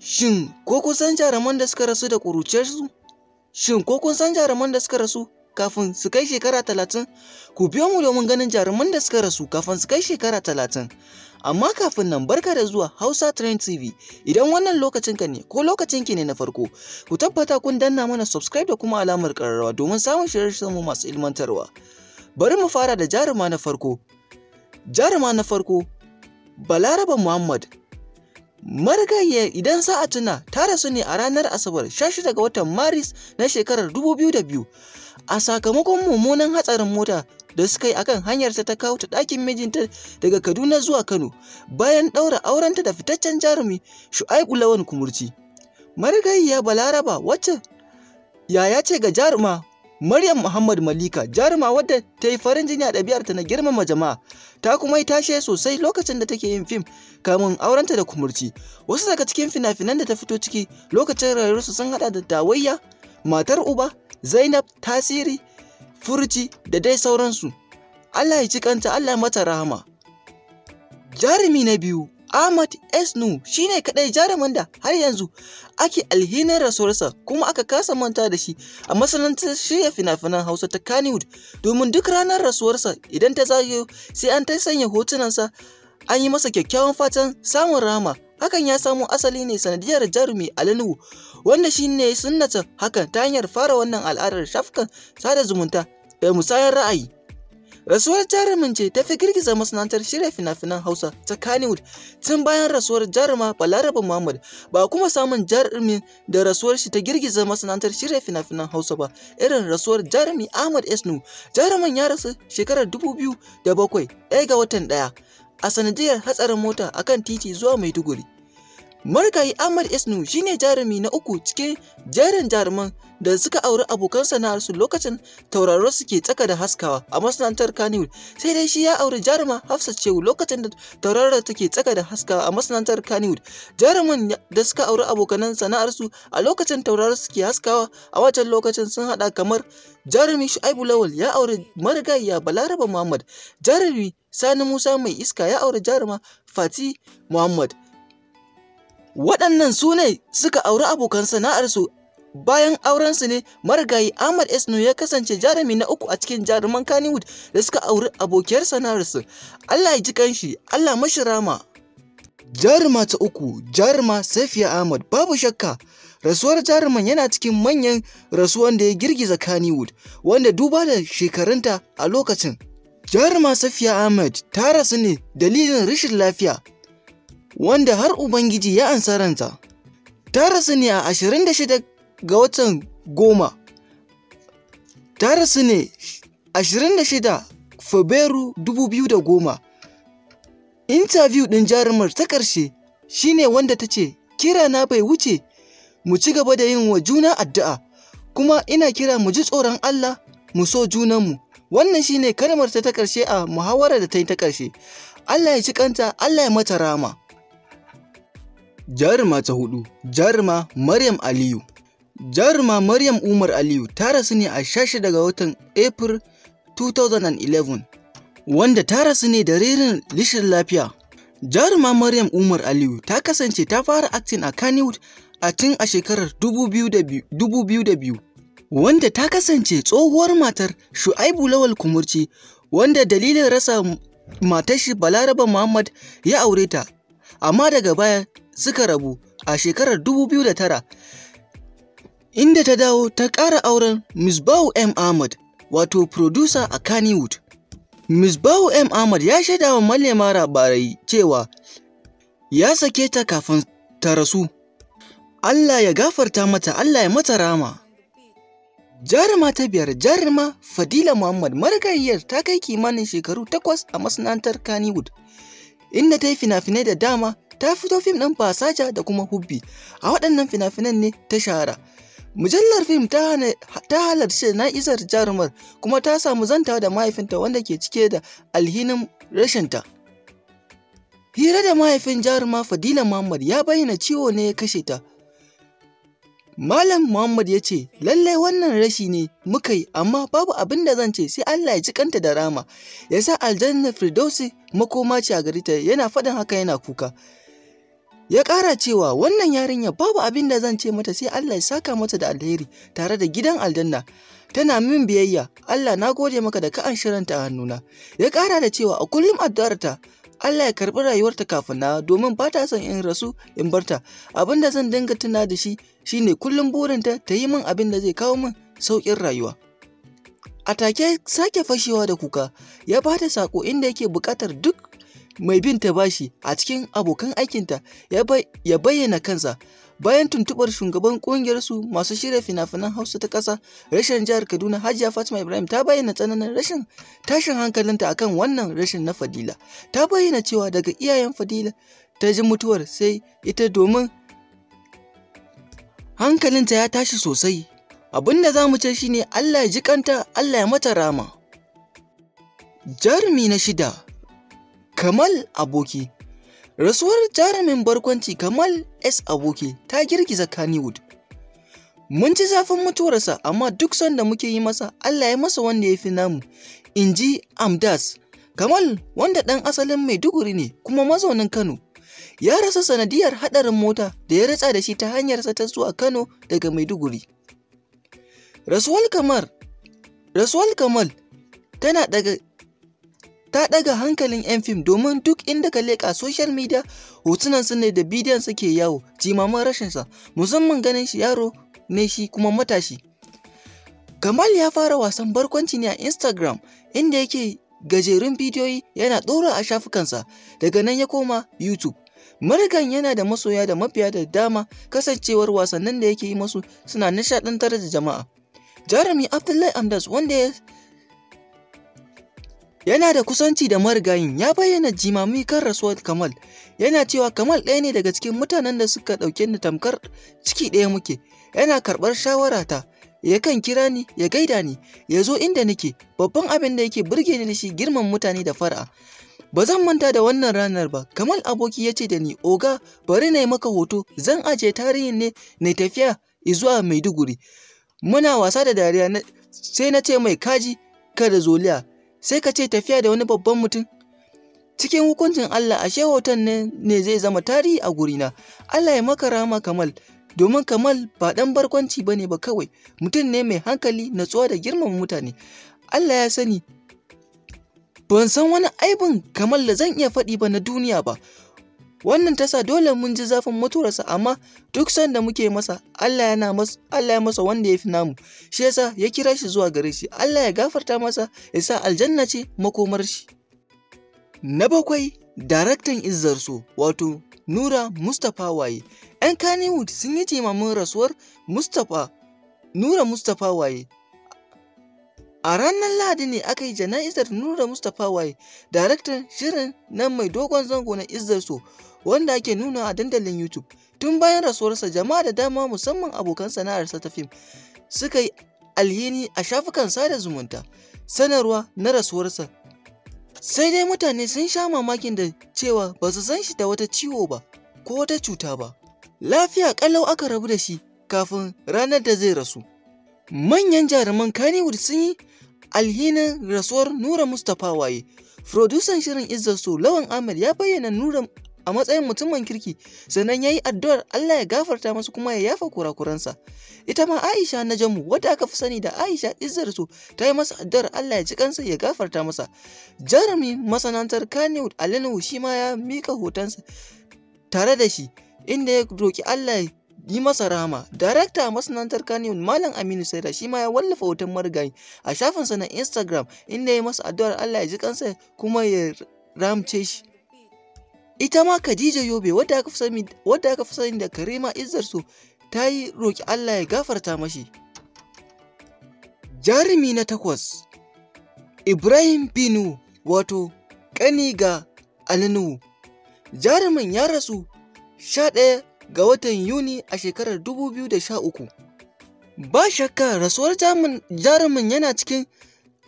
Shin ko kun san jaruman da suka rasu da ƙuruciyar su? Shin ko kun san jaruman da suka rasu kafin su kai shekara talatin? Ku biyo mu domin ganin jaruman da suka rasu kafin su kai shekara talatin. Amma kafin nan barka da zuwa Hausa Trend TV. Idan wannan lokacin ka ne ko lokacin ki ne na farko, ku tabbata kun danna mana subscribe da kuma alamar ƙararrawa domin samun shirye-shiryen mu masu ilmantarwa. Bari mu fara da jaruma na farko. Jaruma na farko Balaraba Muhammad marigayiya idan za a tuna ta rasu ne a ranar asabar 16 ga watan maris na shekarar 2002 a sakamakon mummunan hatsarin mota da suka yi akan hanyarta ta kawo ta ɗakin mijinta daga kaduna zuwa kano bayan ɗaura aurenta da fitaccen jarumi shu'aibu lawan kumurci marigayiya balaraba wacce yaya ce ga jaruma Maryam Muhammad Malika jaruma wadda ta yi farin jini a ɗabi'arta na girmama jama'a ta kuma yi tashe sosai lokacin da take yin fim kamun aurenta da kumurci wasu daga cikin fina-finan da ta fito ciki lokacin rayuwarsu sun haɗa da tawayya matar uba zainab tasiri furci da dai sauransu allah ya ci kanta allah mata rahama jarumi na biyu Ahmad Esnu shi ne kaɗai jarumin da har yanzu ake alhinin rasuwarsa kuma aka kasa manta da shi a masanantar shirya fina-finan Hausa ta Kannywood domin duk ranar rasuwarsa idan ta zagayo sai an ta sanya hotunansa an yi masa kyakkyawan fatan samun rama hakan ya samo asali ne sanadiyar jarumi Alinuhu wanda shi ne sunnata hakan ta hanyar fara wannan al'adar shafukan sada zumunta da musayar ra'ayi. Rasuwar jarumin ce ta fi girgiza masana'antar shirya fina-finan Hausa ta Kannywood tun bayan rasuwar jaruma Balaraba Muhammad ba kuma samun jarumin da rasuwar shi ta girgiza masana'antar shirya fina-finan Hausa ba irin rasuwar jarumi Ahmad Esnu. Jarumin ya rasu shekarar 2007 ɗaya ga watan ɗaya a sanadiyar hatsarin mota akan titi zuwa Maiduguri. Markayi Ahmad isnu shine jarumi na uku cikin jerin jaruman da suka auri abokan sana'arsu lokacin tauraro suke tsaka da haskawa a masana'antar Kanewul. Sai dai shi ya auri jaruma Hafsat Shehu lokacin da tauraro take tsaka da haskawa a masana'antar Kanewul. Jaruman da suka auri abokan sana'arsu a lokacin tauraro suke haskawa a wancan lokacin sun haɗa kamar jarumi Shu'aibu Lawal ya auri marigayiya Balaraba Muhammad, jarumi Sani Musa mai iska ya auri jaruma Fati Muhammad. waɗannan su ne suka auri abokan sana'arsu bayan aurensu ne marigayi ahmad esno ya kasance jarumi na uku a cikin jaruman kannywood da suka auri abokiyar sana'arsu allah ya ji kanshi allah mashi rama jaruma ta uku jaruma safiya ahmad babu shakka rasuwar jaruman yana cikin manyan rasuwan da ya girgiza kannywood wanda duba da shekarunta a lokacin jaruma safiya ahmad ta rasu ne dalilin rashin lafiya wanda har Ubangiji ya ansa ranta. Ta rasu ne a 26 ga watan goma. Ta rasu ne 26 Fabrairu 2010. ɗin jarumar ta ƙarshe shine wanda ta ce, Kira na bai wuce, mu ci gaba da yin wa juna addu'a, kuma ina kira mu ji tsoron Allah, mu so junanmu. Wannan shine kalmar ta ta ƙarshe a muhawarar da ta yi ta ƙarshe. Allah ya ci kanta, Allah ya mata rama. Jaruma ta hudu, Jaruma Maryam Aliyu. Jaruma Maryam Umar Aliyu ta rasu ne a shashi daga watan April 2011, wanda ta rasu ne da ririn lishin lafiya. Jaruma Maryam Umar Aliyu ta kasance ta fara acting a Kannywood a tun a shekarar 2002, wanda ta kasance tsohuwar matar Shu'aibu Lawal Kumurci, wanda dalilin rasa matashi Balaraba Muhammad ya aure ta, amma daga baya suka rabu a shekarar 2009 inda ta dawo ta ƙara auren Misbahu M. Ahmad wato producer a Kannywood. Misbahu M. Ahmad ya shaida wa malama labarai cewa ya sake ta kafin ta rasu. Allah ya gafarta mata, Allah ya mata rama. Jaruma ta biyar jaruma Fadila Muhammad marigayiyar ta kai kimanin shekaru takwas a masana'antar Kannywood, inda ta yi fina-finai da dama ta fito fim ɗin fasaja da kuma hubbi a waɗannan fina-finan ne ta shahara mujallar fim ta halarci na'izar jarumar kuma ta samu zantawa da mahaifinta wanda ke cike da alhinin rashinta hira da mahaifin jaruma fadila muhammad ya bayyana ciwo ne ya kashe ta Malam Muhammad ya ce, lallai wannan rashi ne muka yi, amma babu abin da zan ce sai Allah ya ji kanta da rama, ya sa aljanna Firdausi makoma ce a gari ta yana faɗin haka yana kuka. ya ƙara cewa wannan yarinya babu abin da zan ce mata sai Allah ya saka mata da alheri tare da gidan aljanna tana min biyayya Allah na gode maka da ka an a hannuna ya ƙara da cewa a kullum addu'arta Allah ya karɓi rayuwarta kafin na domin ba ta son in rasu in barta abin da zan dinga tuna da shi shine kullum burinta ta yi min abin da zai kawo min sauƙin rayuwa a take sake fashewa da kuka ya bata sako inda yake buƙatar duk mai bin ta bashi a cikin abokan aikinta ya bayyana kansa bayan tuntubar shugaban kungiyarsu masu shirya fina-finan hausa ta ƙasa rashin jihar kaduna hajiya fatima ibrahim ta bayyana tsananin rashin tashin hankalinta akan wannan rashin na fadila ta bayyana cewa daga iyayen fadila ta ji mutuwar sai ita domin hankalinta ya tashi sosai abin da za mu ce shine allah ya ji kanta allah ya mata rama jarumi na shida Kamal Aboki Rasuwar jarumin barkwanci Kamal S. Aboki ta girgiza Kannywood. Mun ci zafin mutuwarsa amma duk sanda muke yi masa Allah ya masa wanda ya fi namu, in ji Amdas. Kamal wanda ɗan asalin Maiduguri ne kuma mazaunin Kano. Ya rasa sanadiyar haɗarin mota da ya ritsa da shi ta hanyarsa ta zuwa Kano daga Maiduguri. Rasuwar Kamal Kamal tana daga ta ɗaga hankalin 'yan fim domin duk inda ka leƙa social media hotunan su ne da bidiyon suke yawo jimamin rashinsa musamman ganin shi yaro ne shi kuma matashi kamal ya fara wasan barkwanci ne a instagram inda yake gajerun bidiyoyi yana ɗora a shafukansa daga nan ya koma youtube Marigan yana da masoya da mafiya da dama kasancewar wasannin da yake yi masu suna nishaɗantar da jama'a. Jarumi Abdullahi Amdas wanda ya yana da kusanci da marigayin ya bayyana jimami kan rasuwar kamal yana cewa kamal ɗaya ne daga cikin mutanen da suka ɗauke ni tamkar ciki ɗaya muke yana karɓar shawara shawarata yakan kira ni ya gaida ni ya zo inda nake babban abin da yake burge ni da shi girman mutane da fara'a ba zan manta da wannan ranar ba kamal aboki ya ce da ni oga bari na yi maka hoto zan ajiye tarihin ne na tafiya zuwa maiduguri muna wasa da dariya sai na ce mai kaji kada zoliya sai ka ce tafiya da wani babban mutum cikin hukuncin Allah ashe hoton ne zai zama tarihi a gurina Allah ya maka rama kamal domin kamal ba dan barkwanci bane ba kawai mutum ne mai hankali natsuwa da girmama mutane Allah ya sani ban san wani aibin kamal da zan iya faɗi ba na duniya ba wannan tasa dole mun ji zafin mutuwarsa amma duk sanda muke masa Allah yana masa Allah ya masa wanda ya fi namu shi yasa ya kira shi zuwa gare shi Allah ya gafarta masa ya sa aljanna ce makomar shi na bakwai daraktan izzar so wato Nura Mustapha waye ‘yan Kannywood sun yi jimamin rasuwar Mustafa Nura Mustapha waye A ranar Lahadi ne aka yi jana'izar Nura Mustapha Waye, daraktan shirin nan mai dogon zango na Izzar So, wanda ake nuna a dandalin YouTube. Tun bayan rasuwarsa jama'a da dama musamman abokan sana'arsa ta fim suka yi alhini a shafukan sada zumunta. Sanarwa na rasuwarsa sai dai mutane sun sha mamakin da cewa ba su san shi da wata ciwo ba ko wata cuta ba. Lafiya ƙalau aka rabu da shi kafin ranar da zai rasu. Manyan jaruman Kannywood sun yi alhinin rasuwar Nura Mustapha waye. Furodusan shirin Izzar Lawan Ahmed ya bayyana Nura a matsayin mutumin kirki sannan ya yi addu'ar Allah ya gafarta masa kuma ya yafa kurakuransa ita ma Aisha na jamu wadda aka fi sani da Aisha Izzarsu ta yi masa addu'ar Allah ya ji kansa ya gafarta masa jarumi masanantar a Alinu shi ma ya mika hotonsa tare da shi inda ya roki Allah ya yi masa rama darakta masanantar kanewood malam aminu saira shi ma ya wallafa hoton marigayi a shafinsa na instagram inda ya yi masa addu'ar allah ya ji kansa kuma ya ramce shi ita ma Khadija Yobe wadda aka fi sani da Karima Izzarsu ta yi roki Allah ya gafarta mashi jarumi na takwas Ibrahim Binu wato ƙani ga Alinu jarumin ya rasu sha ɗaya ga watan Yuni a shekarar 2013 ba shakka rasuwar jarumin yana cikin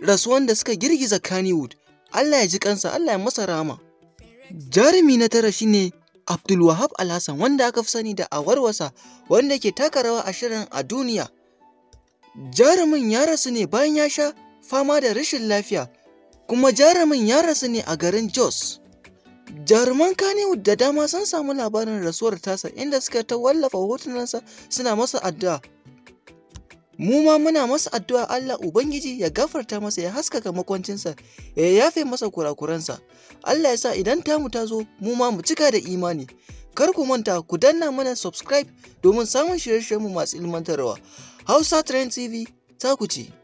rasuwan da suka girgiza Kannywood Allah ya ji kansa Allah ya masa rama Jarumi na tara shine Abdulwahab Alhassan wanda aka fi sani da awarwasa wanda ke taka rawa a shirin a duniya. Jarumin ya rasu ne bayan ya sha fama da rashin lafiya kuma jarumin ya rasu ne a garin Jos. Jaruman Kanewood da dama sun samu labarin rasuwar tasa inda suka ta wallafa hotunansa suna masa addu'a mu ma muna masa addu'a Allah Ubangiji ya gafarta masa ya haskaka makwancinsa ya yafe masa kurakuransa Allah ya sa idan tamu ta zo mu ma mu cika da imani kar ku manta ku danna mana subscribe domin samun shirye-shiryenmu masu ilmantarwa Hausa Trend TV ta ku ce.